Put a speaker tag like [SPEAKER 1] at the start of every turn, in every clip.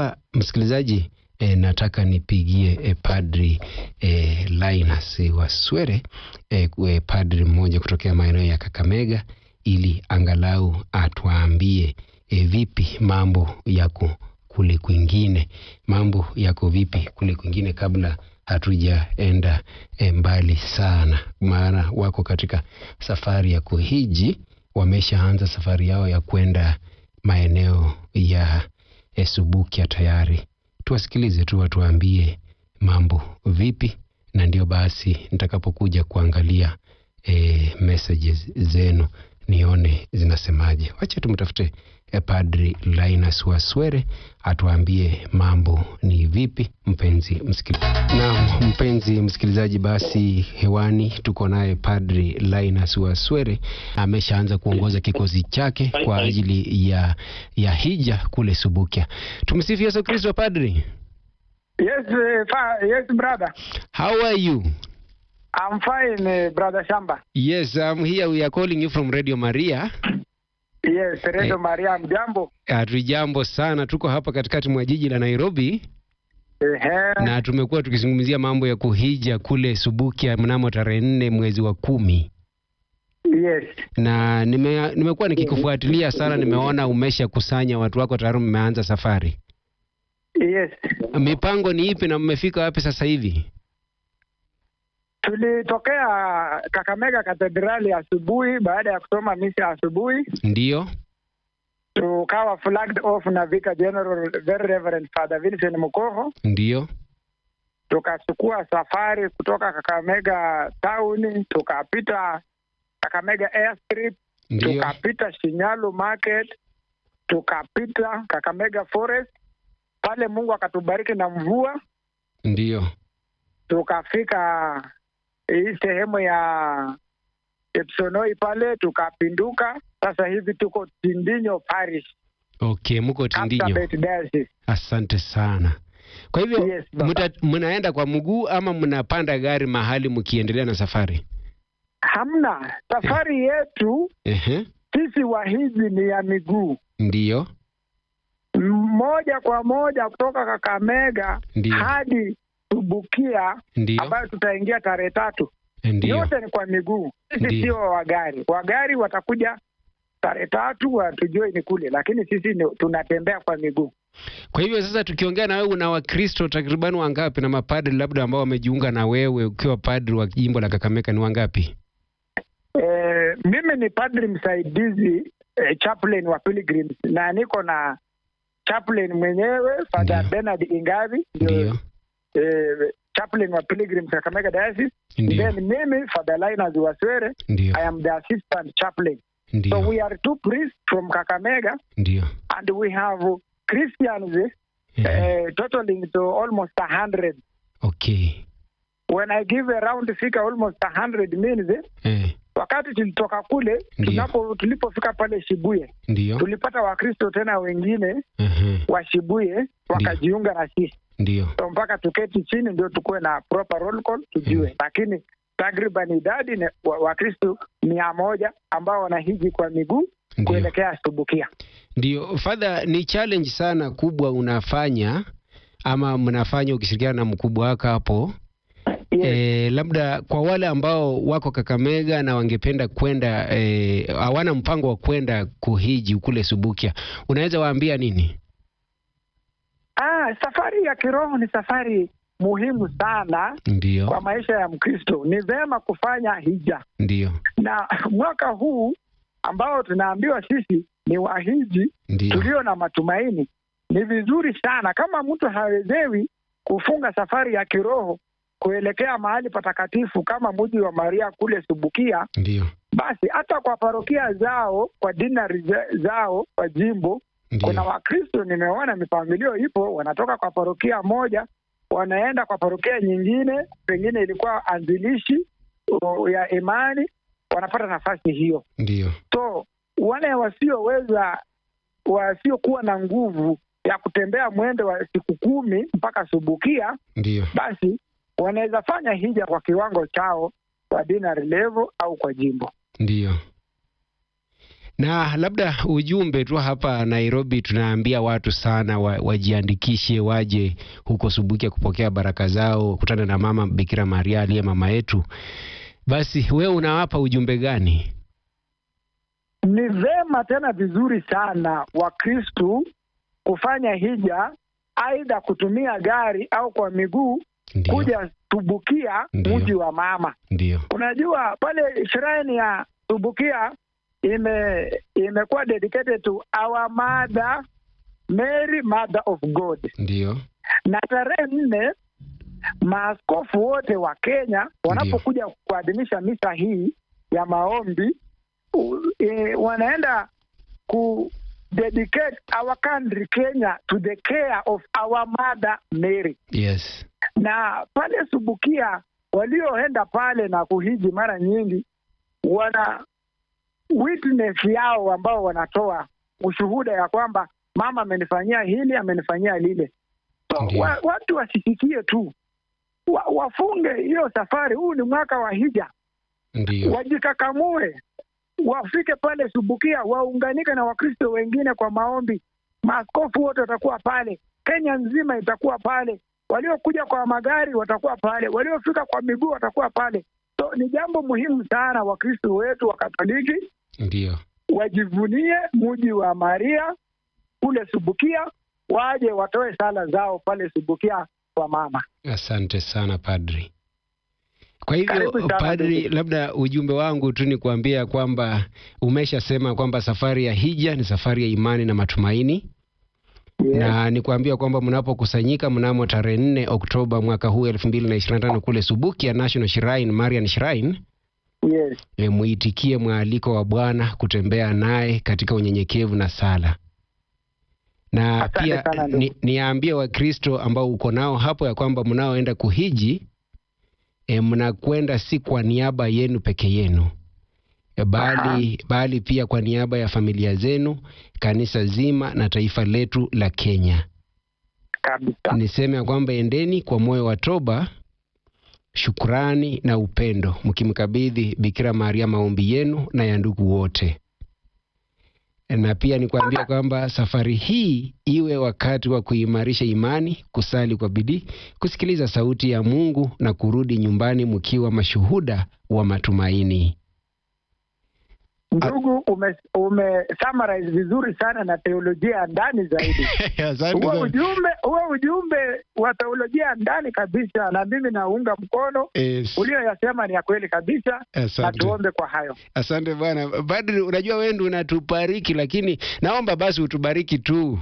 [SPEAKER 1] hapa msikilizaji e, nataka nipigie e, padri e, Linus Waswere e, e, padri mmoja kutokea maeneo ya Kakamega ili angalau atuambie e, vipi mambo yako kule kwingine, mambo yako vipi kule kwingine, kabla hatujaenda e, mbali sana, maana wako katika safari ya kuhiji, wameshaanza safari yao ya kwenda maeneo ya Esubukia tayari. Tuwasikilize tu watuambie mambo vipi, na ndio basi nitakapokuja kuangalia e, messages zenu nione zinasemaje. Wacha tumtafute Padri Linus Waswere atuambie mambo ni vipi, mpenzi msikilizaji. Na mpenzi msikilizaji, basi hewani tuko naye Padri Linus Waswere, ameshaanza kuongoza kikosi chake kwa ajili ya, ya hija kule Subukia. Tumsifu Yesu Kristo. Padri.
[SPEAKER 2] Yes, uh, yes, brother.
[SPEAKER 1] How are you?
[SPEAKER 2] I'm fine, uh, brother Shamba.
[SPEAKER 1] Yes, I'm here we are calling you from Radio Maria.
[SPEAKER 2] Yes, Redo eh, Mariam, jambo.
[SPEAKER 1] Hatujambo sana, tuko hapa katikati mwa jiji la Nairobi. Ehe. Na tumekuwa tukizungumzia mambo ya kuhija kule Subukia mnamo tarehe nne mwezi wa kumi. Yes. Na nime, nimekuwa nikikufuatilia sana, nimeona umesha kusanya watu wako tayari, mmeanza safari. Yes. Mipango ni ipi na mmefika wapi sasa hivi?
[SPEAKER 2] Tulitokea Kakamega katedrali asubuhi baada ya kusoma misa asubuhi, ndio tukawa flagged off na Vicar General Very Reverend Father Vincent Mukoho, ndio tukachukua safari kutoka Kakamega town tukapita Kakamega airstrip tukapita Shinyalu market tukapita Kakamega forest pale, Mungu akatubariki na mvua, ndiyo tukafika hii sehemu ya Epsonoi pale tukapinduka. Sasa hivi tuko Tindinyo Parish.
[SPEAKER 1] Okay, mko Tindinyo. Asante sana. Kwa hivyo yes, mnaenda kwa mguu ama mnapanda gari mahali mkiendelea na safari?
[SPEAKER 2] Hamna, safari yeah, yetu uh-huh, sisi wahiji ni ya miguu, ndiyo moja kwa moja kutoka Kakamega hadi Bukia ambayo tutaingia tarehe tatu. Ndiyo. Yote ni kwa miguu, sisi sio wagari. Wagari watakuja tarehe tatu watujue ni kule, lakini sisi ni, tunatembea kwa miguu.
[SPEAKER 1] Kwa hivyo sasa, tukiongea na wewe, una wakristo takriban wangapi na mapadri labda ambao wamejiunga na wewe ukiwa padri wa jimbo la kakameka ni wangapi?
[SPEAKER 2] E, mimi ni padri msaidizi e, chaplain wa Pilgrims na niko na chaplain mwenyewe fadha benard Ingavi ndio eh, chaplain wa pilgrims Kakamega Diocese. Then mimi Father Linus Waswere, I am the assistant chaplain. Ndiyo. So we are two priests from Kakamega. Ndiyo. And we have Christians eh, yeah. uh, totaling to almost a hundred
[SPEAKER 1] Okay.
[SPEAKER 2] When I give a round figure almost a hundred means yeah. Eh. Wakati tulitoka kule tunapo tulipofika pale Shibuye Ndiyo. tulipata Wakristo tena wengine uh -huh. wa Shibuye wakajiunga na sisi ndio so mpaka tuketi chini ndio tukuwe na proper roll call tujue, mm. lakini takriban idadi Wakristu wa mia moja ambao wanahiji kwa miguu kuelekea Subukia.
[SPEAKER 1] Ndio fadha, ni challenge sana kubwa unafanya ama mnafanya ukishirikiana na mkubwa wako hapo yes. E, labda kwa wale ambao wako Kakamega na wangependa kwenda eh, hawana e, mpango wa kwenda kuhiji kule Subukia, unaweza waambia nini?
[SPEAKER 2] safari ya kiroho ni safari muhimu sana ndiyo, kwa maisha ya Mkristo. Ni vema kufanya hija ndiyo, na mwaka huu ambao tunaambiwa sisi ni wahiji tulio na matumaini, ni vizuri sana kama mtu hawezewi kufunga safari ya kiroho kuelekea mahali patakatifu kama muji wa Maria kule Subukia, ndiyo, basi hata kwa parokia zao, kwa dinari zao, kwa jimbo Ndiyo. Kuna Wakristo nimeona mifamilio ipo, wanatoka kwa parokia moja wanaenda kwa parokia nyingine, pengine ilikuwa anzilishi ya imani, wanapata nafasi hiyo. Ndiyo. So wale wasioweza, wasiokuwa na nguvu ya kutembea mwendo wa siku kumi mpaka subukia, ndiyo, basi wanaweza fanya hija kwa kiwango chao, kwa dinari level au kwa jimbo.
[SPEAKER 1] Ndiyo. Na labda ujumbe tu hapa Nairobi, tunaambia watu sana wa, wajiandikishe waje huko Subukia kupokea baraka zao, kutana na mama Bikira Maria aliye mama yetu. Basi wewe unawapa ujumbe gani?
[SPEAKER 2] Ni vema tena vizuri sana Wakristu kufanya hija, aidha kutumia gari au kwa miguu kuja Subukia, mji wa mama. Ndiyo. Unajua pale shrine ya Subukia ime imekuwa dedicated to our mother Mary mother of God. Ndio. Na tarehe nne maaskofu wote wa Kenya wanapokuja kuadhimisha misa hii ya maombi e, wanaenda ku dedicate our country Kenya to the care of our mother Mary. Yes. Na pale Subukia walioenda pale na kuhiji mara nyingi wana witness yao ambao wanatoa ushuhuda ya kwamba mama amenifanyia hili, amenifanyia lile. So, wa, watu wasifikie tu wa, wafunge hiyo safari. Huu ni mwaka wa hija, wajikakamue, wafike pale Subukia, waunganike na Wakristo wengine kwa maombi. Maaskofu wote watakuwa pale, Kenya nzima itakuwa pale, waliokuja kwa magari watakuwa pale, waliofika kwa miguu watakuwa pale. So ni jambo muhimu sana Wakristo wetu Wakatoliki ndio Wajivunie muji wa Maria kule Subukia, waje watoe sala zao pale Subukia kwa mama.
[SPEAKER 1] Asante sana padri. Kwa hivyo padri, labda ujumbe wangu tu ni kuambia kwamba umeshasema kwamba safari ya hija ni safari ya imani na matumaini. Yeah. Na ni kuambia kwamba mnapokusanyika mnamo tarehe 4 Oktoba mwaka huu 2025 kule Subukia National Shrine, Marian Shrine Yes. E, muitikie mwaliko wa Bwana kutembea naye katika unyenyekevu na sala na Asante pia ni, niambie Wakristo ambao uko nao hapo ya kwamba mnaoenda kuhiji e, mnakwenda si kwa niaba yenu peke yenu e, bali, bali pia kwa niaba ya familia zenu, kanisa zima na taifa letu la Kenya kabisa. Niseme ya kwamba endeni kwa moyo wa toba shukrani na upendo, mkimkabidhi Bikira Maria maombi yenu na ya ndugu wote. Na pia nikuambia kwamba safari hii iwe wakati wa kuimarisha imani, kusali kwa bidii, kusikiliza sauti ya Mungu na kurudi nyumbani mkiwa mashuhuda wa matumaini.
[SPEAKER 2] Ndugu ume, ume summarize vizuri sana na teolojia ndani zaidi huo ujumbe huo ujumbe wa teolojia ndani kabisa, na mimi naunga mkono yes. Ulioyasema ni ya kweli kabisa, natuombe kwa hayo.
[SPEAKER 1] Asante bwana Badri, unajua wewe unatubariki, lakini naomba basi utubariki tu.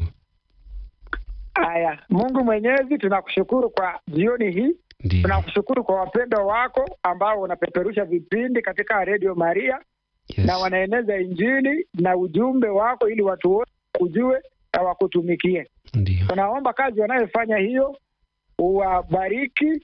[SPEAKER 2] Haya, Mungu Mwenyezi, tunakushukuru kwa jioni hii. Tunakushukuru kwa wapendo wako ambao unapeperusha vipindi katika redio Maria yes. na wanaeneza Injili na ujumbe wako ili watu wote wakujue na wakutumikie. Tunaomba kazi wanayofanya hiyo, uwabariki,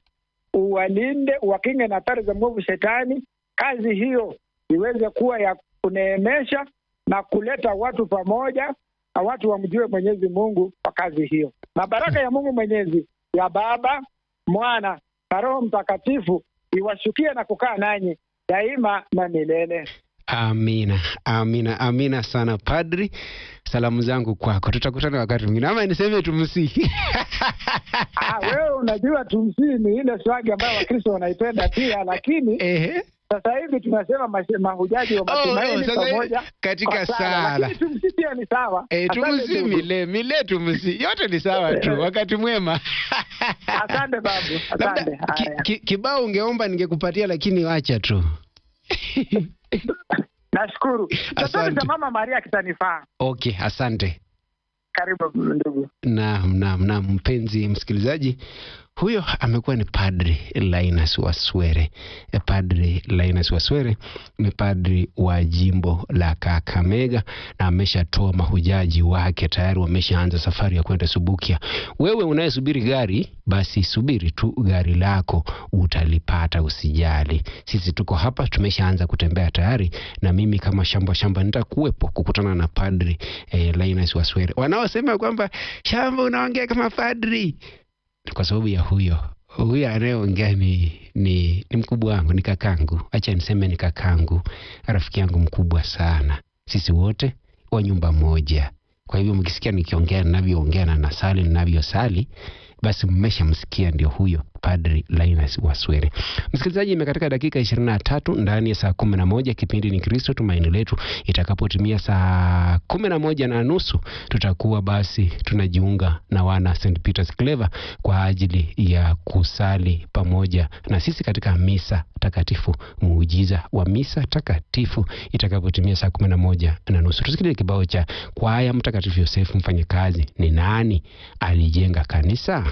[SPEAKER 2] uwalinde, uwakinge na hatari za mwovu Shetani. Kazi hiyo iweze kuwa ya kuneemesha na kuleta watu pamoja na watu wamjue Mwenyezi Mungu kwa kazi hiyo, na baraka ya Mungu Mwenyezi ya Baba, Mwana na Roho Mtakatifu iwashukie na kukaa nanyi daima na milele.
[SPEAKER 1] Amina, amina, amina sana padri. Salamu zangu kwako, tutakutana wakati mwingine, ama niseme tumsihi.
[SPEAKER 2] Ah, wewe unajua tumsihi ni ile swagi ambayo Wakristo wanaipenda pia, lakini ehe sasa hivi tunasema mahujaji wa oh, matumaini oh, pamoja
[SPEAKER 1] katika sala, lakini
[SPEAKER 2] tumsi pia ni sawa e,
[SPEAKER 1] eh, tumsi mile mile tumsi yote ni sawa tu. Wakati mwema.
[SPEAKER 2] Asante babu, asante.
[SPEAKER 1] Labda kibao ki, ungeomba ningekupatia, lakini wacha tu
[SPEAKER 2] Nashukuru, asante Mama Maria kitanifaa.
[SPEAKER 1] Okay, asante.
[SPEAKER 2] Karibu ndugu.
[SPEAKER 1] Naam, naam, naam, mpenzi msikilizaji huyo amekuwa ni Padri Linus Waswere. E, padri Linus Waswere ni padri wa jimbo la Kakamega na ameshatoa mahujaji wake tayari, wameshaanza safari ya kwenda Subukia. Wewe unayesubiri gari, basi subiri tu gari lako, utalipata, usijali. Sisi tuko hapa, tumeshaanza kutembea tayari, na mimi kama shamba shamba nitakuwepo kukutana na Padri eh, Linus Waswere. Wanaosema kwamba shamba unaongea kama padri kwa sababu ya huyo huyo anayeongea ni, ni, ni mkubwa wangu, ni kakangu, acha niseme ni kakangu, rafiki yangu mkubwa sana, sisi wote wa nyumba moja. Kwa hivyo mkisikia nikiongea ninavyoongea na nasali ninavyosali, basi mmeshamsikia ndio huyo Padri Linus Waswere. Msikilizaji, imekatika dakika 23 ndani ya saa 11. Kipindi ni Kristo Tumaini Letu. Itakapotimia saa kumi na nusu, tutakuwa basi tunajiunga na wana St Peter's Clever kwa ajili ya kusali pamoja na sisi katika misa takatifu, muujiza wa misa takatifu itakapotimia saa 11 na nusu. Tusikilize kibao cha kwaya Mtakatifu Yosefu Mfanyakazi, ni nani alijenga kanisa?